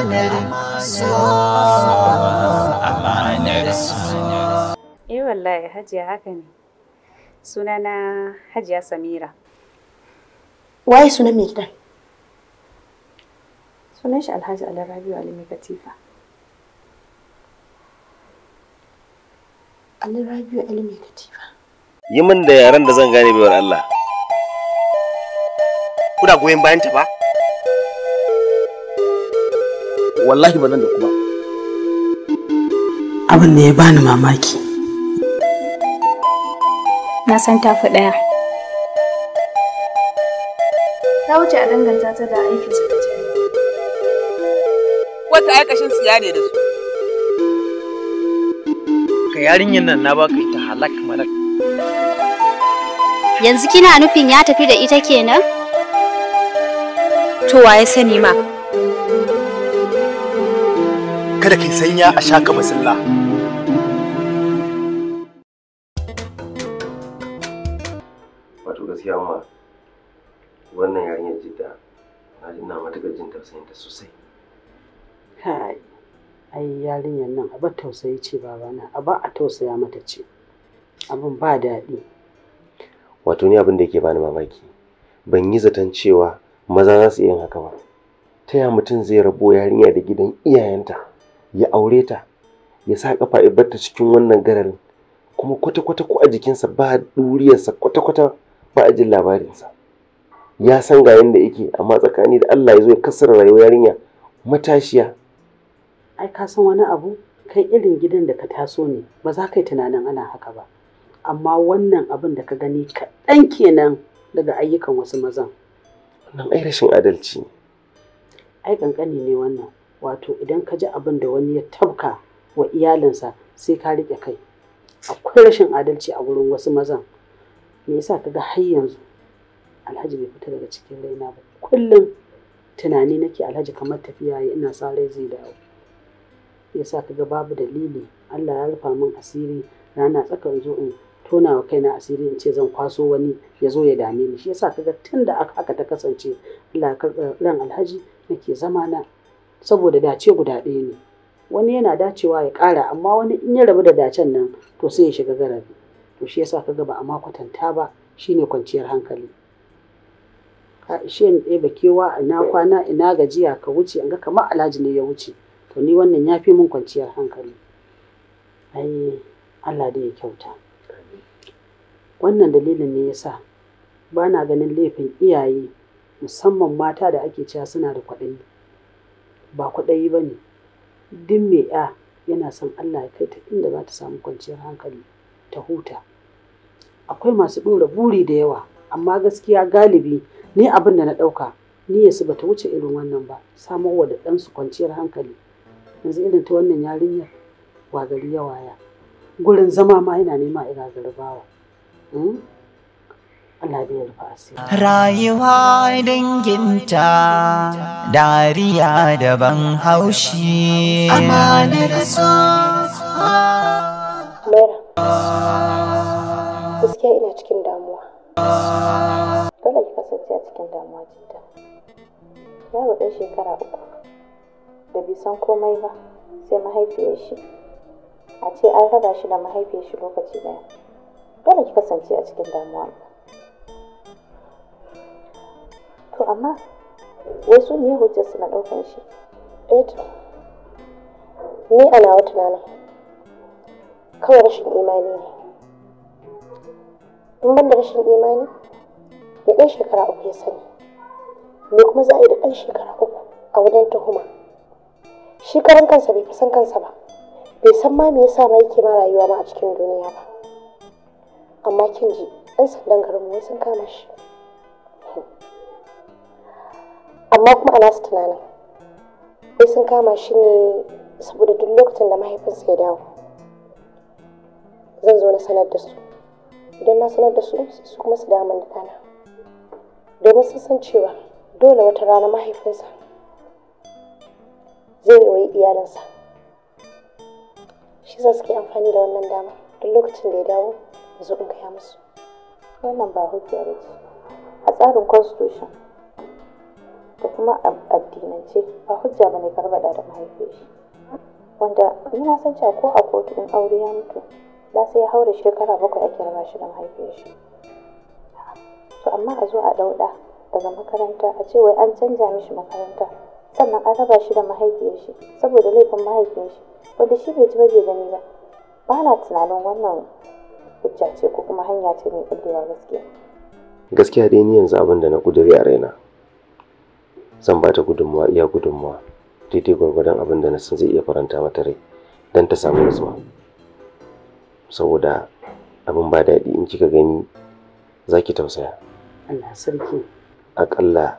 amanar Eh wallahi hajiya haka ne. Sunana Hajiya Samira. Waye sunan mai gidan? Sunan shi Alhaji Alarabiu Alimi Katifa. Alarabiu Alimi Katifa. Yi min da yaren da zan gane baiwar Allah. Kuna goyon bayanta ba? wallahi ba nan da kuma abin da ya bani mamaki na san tafi ɗaya ta wuce a danganta ta da aikin su wata aikashin su ne da su ka yarinyar nan na baka ita halak malak yanzu kina nufin ya tafi da ita kenan to waye sani ma kada ki sanya a shaka masalla. wato gaskiya ma wannan yarinyar jidda na ji ina matuƙar jin tausayin ta sosai kai ai yarinyar nan abar tausayi ce babana a ba a tausaya mata ce abin ba daɗi wato ni abin da yake bani mamaki ban yi zaton cewa maza za su iya yin haka ba ta ya mutum zai rabo yarinya da gidan iyayenta ya aure ta ya sa kafa ibarta cikin wannan gararin kuma kwata-kwata ko a jikinsa ba duriyarsa kwata-kwata ba a jin labarinsa ya san ga yadda yake amma tsakani da Allah ya zo ya kasar rayuwar yarinya matashiya ai ka san wani abu kai irin gidan da ka taso ne ba za ka yi tunanin ana haka ba amma wannan abin da ka gani kaɗan kenan daga ayyukan wasu mazan. Wannan ai rashin adalci. Ai kankani ne wannan. wato idan ka ji abin da wani ya tabka wa iyalinsa sai ka riƙe kai akwai rashin adalci a wurin wasu mazan me yasa ka ga har yanzu alhaji bai fita daga cikin raina ba kullum tunani nake alhaji kamar tafiya ya ina sa rai zai dawo yasa ka ga babu dalili Allah ya rufa min asiri rana tsakan zo in tona wa kaina asiri in ce zan kwaso wani ya zo ya dame ni shi yasa ka ga tun da aka ta kasance Allah ya karɓi ran alhaji nake zama na. saboda dace guda ɗaya ne wani yana dacewa ya ƙara amma wani in ya rabu da dacen nan to sai ya shiga garabi to shi yasa kaga ba a makwatanta kwatanta ba shine kwanciyar hankali ka ishe ni ɗaya kewa ina kwana ina gajiya ka wuce in ga kamar alhaji ne ya wuce to ni wannan ya fi min kwanciyar hankali ai Allah da ya kyauta wannan dalilin ne yasa ba na ganin laifin iyaye musamman mata da ake cewa suna da kwaɗayi ba kwaɗayi ba ne duk mai ya yana son Allah ya kai ta inda za ta samu kwanciyar hankali ta huta akwai masu ɗora buri da yawa amma gaskiya galibi ni abin da na ɗauka niyyarsu su bata wuce irin wannan ba wa da ɗansu kwanciyar hankali yanzu irin ta wannan yarinyar wa gari ya waya gurin zama ma yana nema ira garbawa Rayuwa danginta dariya da ban haushi. da so. Mera, gaskiya ina cikin damuwa. Dole ki kasance a cikin damuwa jidda. Yaro ɗan shekara uku da bi san komai ba sai mahaifiyar shi. A ce an raba shi da mahaifiyar shi lokaci ɗaya. Dole ki kasance a cikin damuwa. to amma wasu ne hujjar suna ɗaukar shi eto eh ni a nawa tunanin kawai rashin imani ne in ban da rashin imani da ɗan shekara uku ya sani me kuma za a yi da ɗan shekara uku a wajen tuhuma shi karan kansa bai fi kansa ba bai san ma me yasa ma yake ma rayuwa ma a cikin duniya ba amma kin ji 'yan sandan garinmu sun kama shi amma kuma a su tunanin wai sun kama shi ne saboda duk lokacin da mahaifinsa ya dawo zan zo na sanar da su idan na sanar da su su kuma su dawo da ɗana domin sun san cewa dole wata rana mahaifinsa zai wayi iyalinsa shi za su ke amfani da wannan dama duk lokacin da ya dawo zo in gaya musu wannan ba hujja ba ce a tsarin constitution da kuma addinance ba hujja bane karbada da mahaifiyar shi wanda ni na san cewa ko a kotu in aure ya mutu da sai ya haura shekara bakwai ake raba shi da mahaifiyar shi to amma a zo a ɗauɗa daga makaranta a ce wai an canja mishi makaranta sannan an raba shi da mahaifiyar shi saboda laifin mahaifiyar shi wanda shi bai ji ba bai gani ba ba na tunanin wannan hujja ce ko kuma hanya ce mai kullewa gaskiya gaskiya dai ni yanzu abin da na ƙudiri a raina zan ba ta gudunmawa iya gudunmawa daidai gwargwadon abin da na zai iya faranta mata rai don ta samu nutsuwa saboda abin ba daɗi in kika gani za ki tausaya Allah sarki aƙalla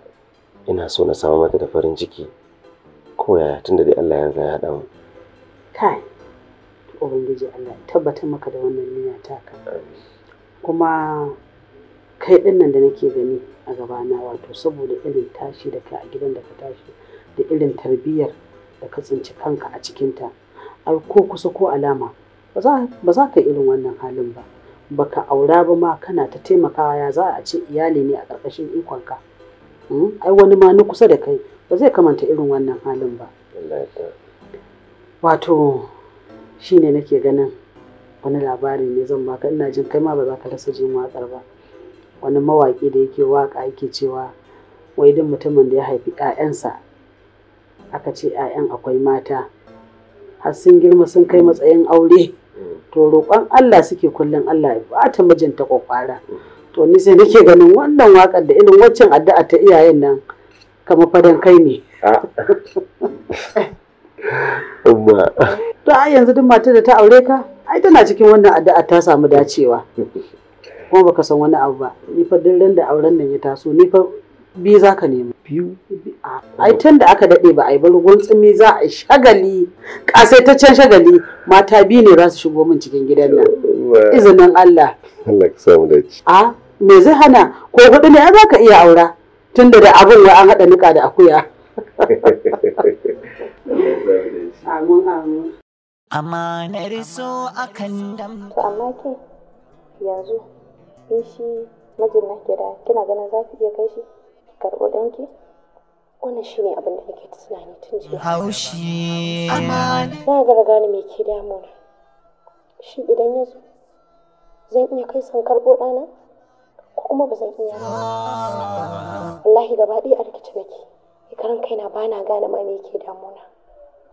ina so na samu mata da farin ciki ko yaya da dai Allah ya riga ya haɗa mu kai ubangiji Allah tabbatar maka da wannan niyya taka kuma kai ɗin nan da nake gani a gabana wato saboda irin tashi da kai a gidan da ka tashi da irin tarbiyyar da ka tsinci kanka a cikinta a ko kusa ko alama ba za ka irin wannan halin ba baka aura ba ma kana ta taimakawa ya za a ce iyali ne a ƙarƙashin ikonka hmm? ai wani ma na kusa da kai ba zai kamanta irin wannan halin ba wato shine nake ganin wani labari ne zan baka ina jin kai ma ba za ka rasa jin waƙar ba wani mawaƙi da yake waƙa yake cewa wai duk mutumin da ya haifi 'ya'yansa aka ce 'ya'yan akwai mata har sun girma sun kai matsayin aure to roƙon Allah suke kullum Allah ya bata mijinta kwakwara to ni sai nake ganin wannan waƙar da irin waccan addu'a ta iyayen nan kamar fadan kai ne to a yanzu duk matar da ta aure ka ai tana cikin wannan addu'a ta samu dacewa kuma baka san wani abu ba ni fa duk ran da auren nan ya taso ni fa biyu za ka nemi biyu ai tun da aka daɗe ba a yi ba tsumi za a shagali ƙasaitaccen shagali mata biyu ne za su shigo min cikin gidan nan izinin Allah Allah ka samu dace a me zai hana ko hudu ne za ka iya aura tun da da abin wa an haɗa niƙa da akuya amin amin amanar so akan damta amma ke yanzu sai shi mijin na gida kina ganin za ki iya kai shi karɓo ɗanki wannan shi ne abin da nake tunani tun jiya haushi a gaba gane me ke damuna shi idan ya zo zan iya kai san karɓo ɗana ko kuma ba zan iya ba wallahi gaba ɗaya a rikici nake karan kaina ba na gane ma me ke damuna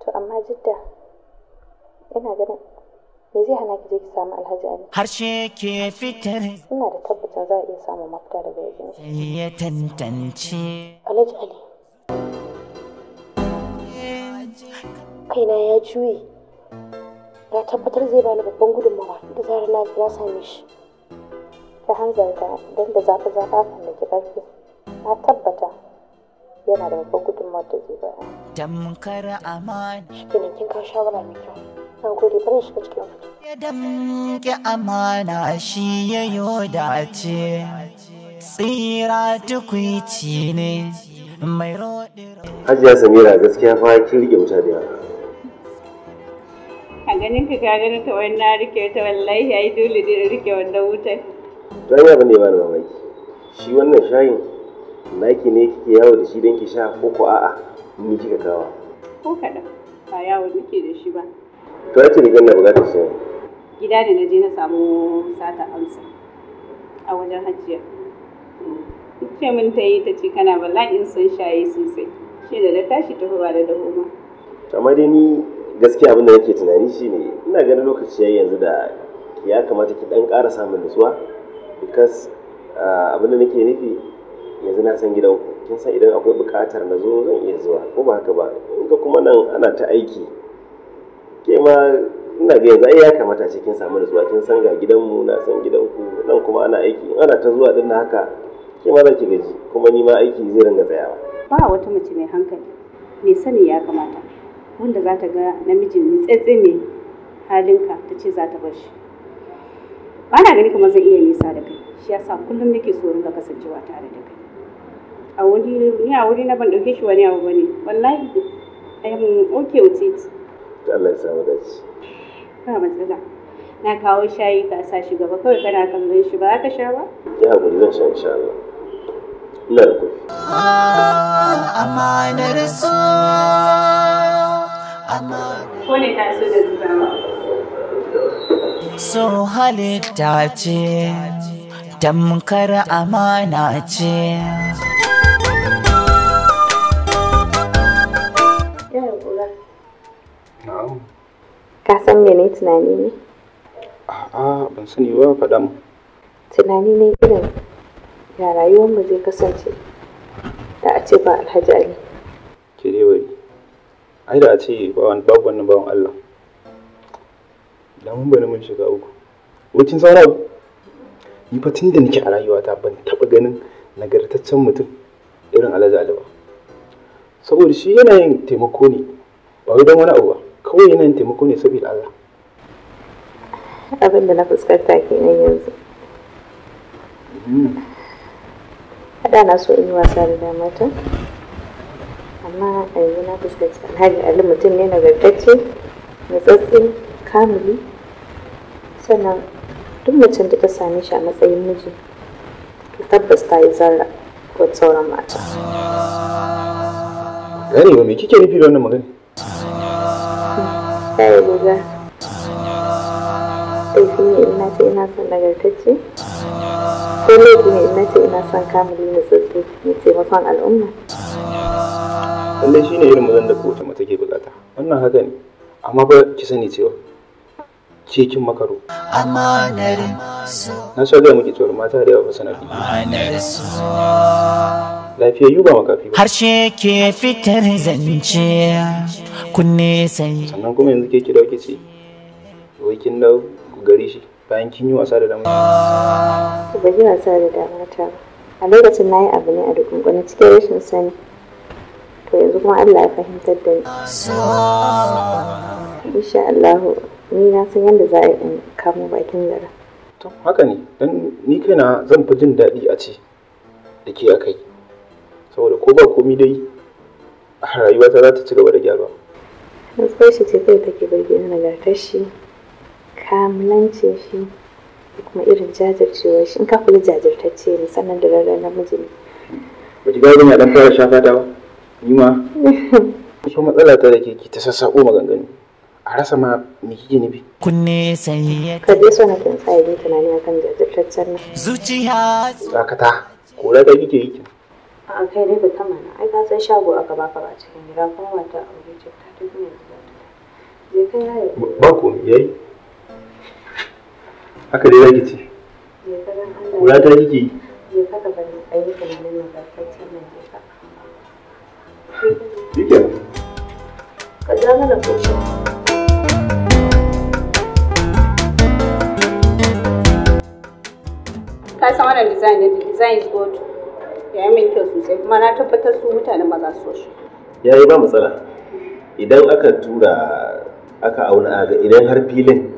to amma jidda yana ganin me zai hana ki je ki samu alhaji ali harshe ke fitar ina da tabbacin za a iya samun mafita daga wajen shi ya tantance alhaji ali kaina ya juye na tabbatar zai bani babban gudunmawa da zarar na na same shi ta hanzarta don da zafi zafa kan da ƙarfi na tabbata yana da babban gudunmawar da zai bayar. Damkar amana. Shi kin kawo shawara mai kyau. na gode bari shiga cikin ofis ya damke amana shi ya yo dace tsira tukwici ne mai roɗe hajiya samira gaskiya fa kin rike wuta da yara a ganin ka ka ganin ta wani na rike ta wallahi yi dole da rike wannan wutar dan ya bani mamaki shi wannan shayin naki ne kike yawo da shi don ki sha ko ko a'a ni kika kawa ko kaɗan ba yawo nake da shi ba to ya ce rigar na bukatar sayan gida da na je na samu sata amsa a wajen hajiya ce min ta yi ta ce kana bala'in son shaye sosai shi da na tashi ta ba da dahu ma amma dai ni gaskiya abin da nake tunani ne, ina ganin lokaci yayi yanzu da ya kamata ki dan ƙara samun nutsuwa because ah, abin da nake nufi yanzu na san ku kin san idan akwai buƙatar na zo zan iya zuwa ko ba haka ba in ka kuma nan ana ta aiki ke ma ina ga yanzu ya kamata a cikin samu nutsuwa kin san ga gidanmu na san gidanku nan kuma ana aiki in ana ta zuwa din haka ke ma za ki gaji kuma ni ma aiki zai ringa tsayawa ba wata mace mai hankali mai sani ya kamata wanda za ta ga namijin tsetse mai halinka ta ce za ta bar shi ba na gani kamar zan iya nisa da kai shi yasa kullum nake so ringa kasancewa tare da kai a wuri ni a wuri na ban dauke shi wani abu bane wallahi I am okay with it. Allah ya samu dace ba matsala na kawo shayi ka sa shi gaba kawai kana kan gan shi ba ka sha ba ya hakuri zan sha insha Allah ina da kofi ah, amanar Amma. ko ne ta so da zuwa so halitta ce tamkar amana ce Ka san mene tunani ne? A'a ban sani ba faɗa mu. Tunani ne irin ya mu zai kasance da a ce ba Alhaji Ali. Ke dai bari. Ai da a ce ba wani babu wannan bawan Allah. Da mun bari mun shiga uku. Wucin saura ni fa tun da nake a rayuwata ban taɓa ganin nagartaccen mutum irin Alhaji Ali ba. Saboda shi yana yin taimako ne ba wai don wani abu ba. kawai yanayin taimako ne saboda Allah abin da na fuskanta kenan yanzu haɗa na so in yi wasa da damata amma a yanzu na fuskanci alhaji ali mutum ne nagartacce natsatsi kamili sannan duk mutum da ta same shi a matsayin miji ta tabbas ta yi zarra ko sauran mata gane ba me kike nufi da wannan magana tsaye guda laifi ne ina ce ina son nagartacce ko laifi ne ina ce ina son kamuli na tsatsi ne taimakon al'umma lallai ne irin mazan da kowace mata ke bukata wannan haka ne amma ba ki sani cewa cikin makaro amanar na so zai muke tsoron mata da yawa ba sanar amanar lafiya yu ba makafi ba harshe ke fitar zance kunne sai sannan kuma yanzu ke kira kici wakin da gari shi bayan kin yi wasa da dama ba yi wasa da damata ta a lokacin na yi abu ne a gwani cikin rashin sani to yanzu kuma Allah ya fahimtar da ni insha Allah ni na san yadda za a in kama bakin gara. To haka ne, don ni kaina zan fi jin daɗi a ce da ke a kai. Saboda ko ba komi dai a ta za ta ci gaba da gyaruwa. Gaskiyar shi ce kai take burge na nagartar shi, kamulancin shi, da kuma irin jajircewa shi. In ka kula jajirtacce ne sannan da rarra namiji ne. Ba ki ne a ɗan fara shafa ta ba? Ni ma. Kusa matsala ta da ke ki ta sassaƙo maganganu. a rasa ma me kike nufi kunne sai ka dai so na kin tsaya da tunani akan jajjabtaccen zuciya dakata kora da kike yi a kai dai ba na ai ka san shago aka baka ba cikin gida kuma mata aure ce ta duk ne je kai yayi ba ko yayi haka dai zaki ce kora ta kike yi je ka ka bani ai tunanin nan ka jajjabtaccen nan je ka ka Thank you. 可真的不错。ka san wannan design din design is good ya yi min kyau sosai kuma na tabbatar su mutanen za su shi ya yi ba matsala idan aka tura aka auna aga idan har filin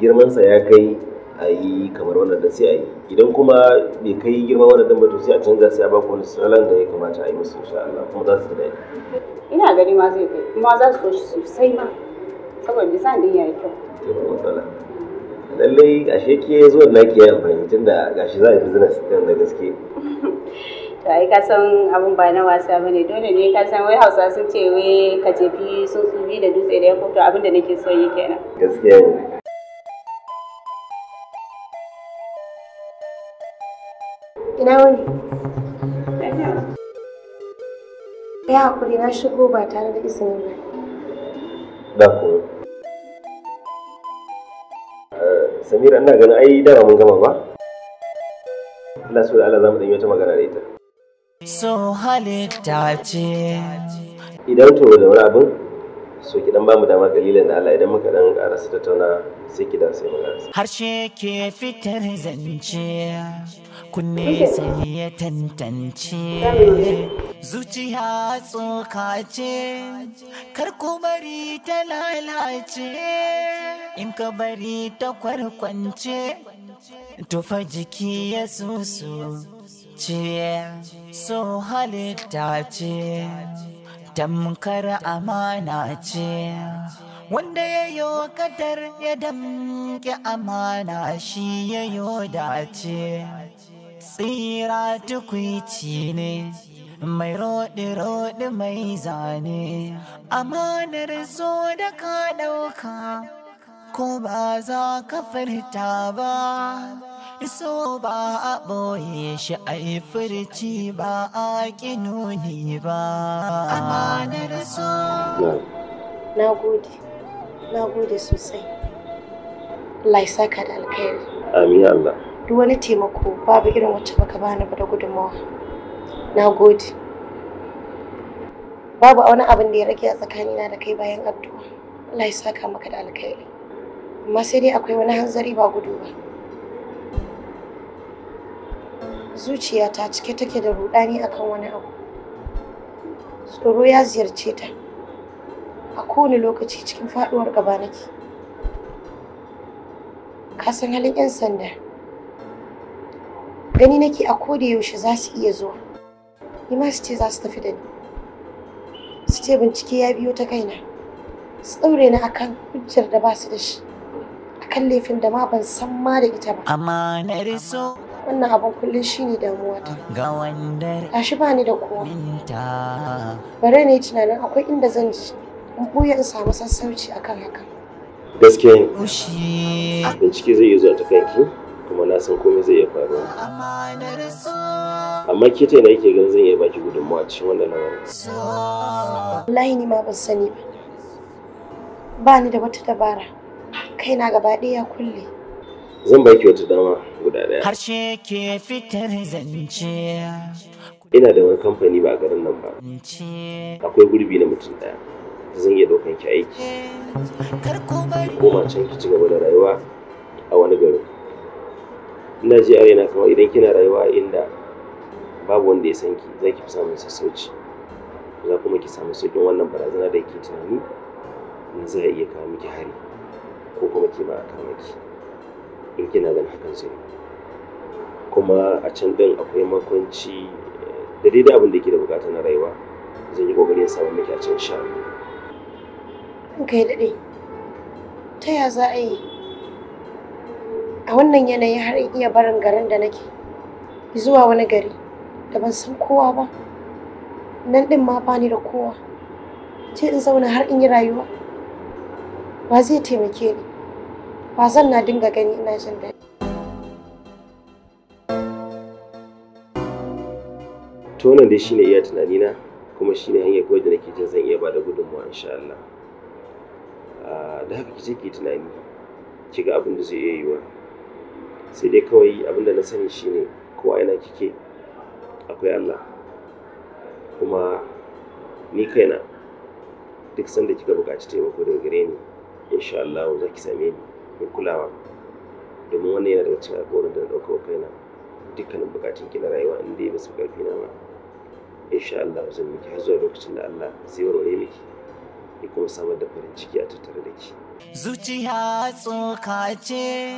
girmansa ya kai a yi kamar wannan da sai a yi idan kuma bai kai girma wannan dan ba to sai a canza sai a ba ku wani salon da ya kamata a yi musu insha Allah kuma za su ji daɗi ina gani ma zai kai kuma za su so shi sosai ma saboda design din yayi kyau lallai ashe ke zuwa naki ya amfani tunda gashi za a yi business din da gaske to ai ka san abun ba na wasa bane dole ne ka san wai Hausa sun ce wai ka jefi sun tsubi da dutse da ya fito abin da nake so yi kenan gaskiya ne ina wani ya haƙuri na shigo ba tare da izini ba da kuma samira ina ganin ai dama mun gama ba Allah su Allah za mu wata magana da ita so halitta ce idan to da wani abin so ki dan bamu dama kalilan da Allah idan muka dan ƙara su tattauna sai ki da sai mu ƙara harshe ke fitar zance kunne sai ya tantance zuciya tsokace ce kar ku bari ta lalace in ka bari ta kwarkwance tufa jiki ya susu ce so halitta ce tamkar amana ce wanda ya yi kadar ya damke amana shi ya yi dace tsira tukwici ne mai rodi rodi mai zane amanar so da ka ɗauka ko ba za ka furta ba so ba a ɓoye shi a yi furci ba a ƙi nuni ba amanar so na gode na gode sosai Allah saka da alkhairi amin Allah duk wani taimako babu irin wacce baka bani ba da gudunmawa na gode babu wani abin da ya rage a tsakanina da kai bayan addu'a Allah ya saka maka da alkhairi amma sai dai akwai wani hanzari ba gudu ba zuciyata cike take da rudani akan wani abu tsoro ya ziyarce ta a kowane lokaci cikin faduwar gaba nake ka san halin 'yan sanda gani nake a koda yaushe za su iya zuwa ni ma su ce za su tafi da ni su ce bincike ya biyo ta kaina su ɗaure ni akan hujjar da ba su da shi akan laifin da ma ban san ma da ita ba amma na riso wannan abin kullum shi ne damuwa ta shi ba ni da kowa bare ne tunanin akwai inda zan ji in buya in samu sassauci akan haka gaskiya ne bincike zai iya zuwa ta kanki kuma na san komai zai iya faruwa amma ke ta yake ganin zan iya baki gudunmawa cikin wannan lamarin wallahi ni ma ban sani ba ba ni da wata dabara kaina gaba ɗaya kulle zan baki wata dama guda daya harshe ke fitar zance ina da wani kamfani ba a garin nan ba akwai gurbi na mutum daya zan iya ɗaukan ki aiki ki koma can ki ci gaba da rayuwa a wani garin ina ji a na kawai idan kina rayuwa inda babu wanda ya san ki za ki fi samun sassauci za kuma ki samu sauƙin wannan barazana da ke tunani na za iya kawo miki hari ko kuma ki ma a kama ki in kina ganin hakan sai kuma a can din akwai makwanci da daidai abin da ke da bukata na rayuwa zan yi kokarin samu miki a can sha kai daɗe ta ya za a yi a wannan yanayi har in iya barin garin da nake zuwa wani gari da ban san kowa ba nan din ma bani da kowa ce in zauna har in yi rayuwa Ba zai taimake ni ba zan na dinga gani ina jin daɗi. To wannan dai shine iya tunanina kuma shine hanyar kawai da nake jin zan iya bada gudunmawa insha Allah. Ah, da haka kije ki tunani ki ga abin da zai iya yiwuwa. Sai dai kawai abin da na sani shine ko ina kike akwai Allah kuma ni kaina duk sanda kika buƙaci taimako daga gare ni insha Allah same ni. da kulawa domin wannan yana daga cikin alƙawarin da na ɗauka wa kaina dukkanin buƙatun ki na rayuwa in dai basu ƙarfi na ba insha Allah zan miki har zuwa lokacin da Allah zai warware miki ya kuma samar da farin ciki a tattare da ki. Zuciya tsoka ce,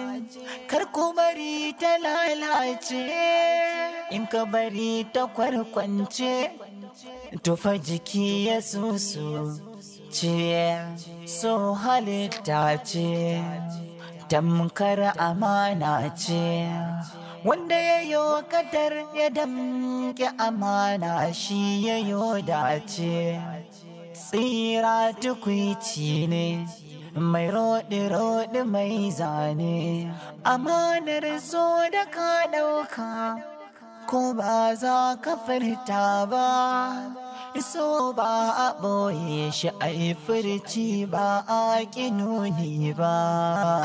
kar ku bari ta lalace, in ka bari ta kwarkwance, tufa jiki ya susu, ce, so halitta ce. tamkar amana ce wanda ya yi kadar ya damke amana shi ya yi dace tsira tukwici ne mai roɗi-roɗi mai zane amanar zo da ka ɗauka ko ba za ka furta ba iso ba a ɓoye shi a yi furci ba a ƙi nuni ba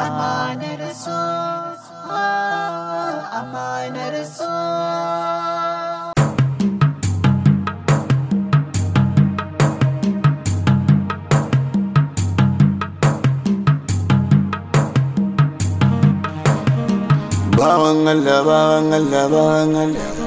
amanar so ah, amanar so bawan Allah bawan Allah bawan Allah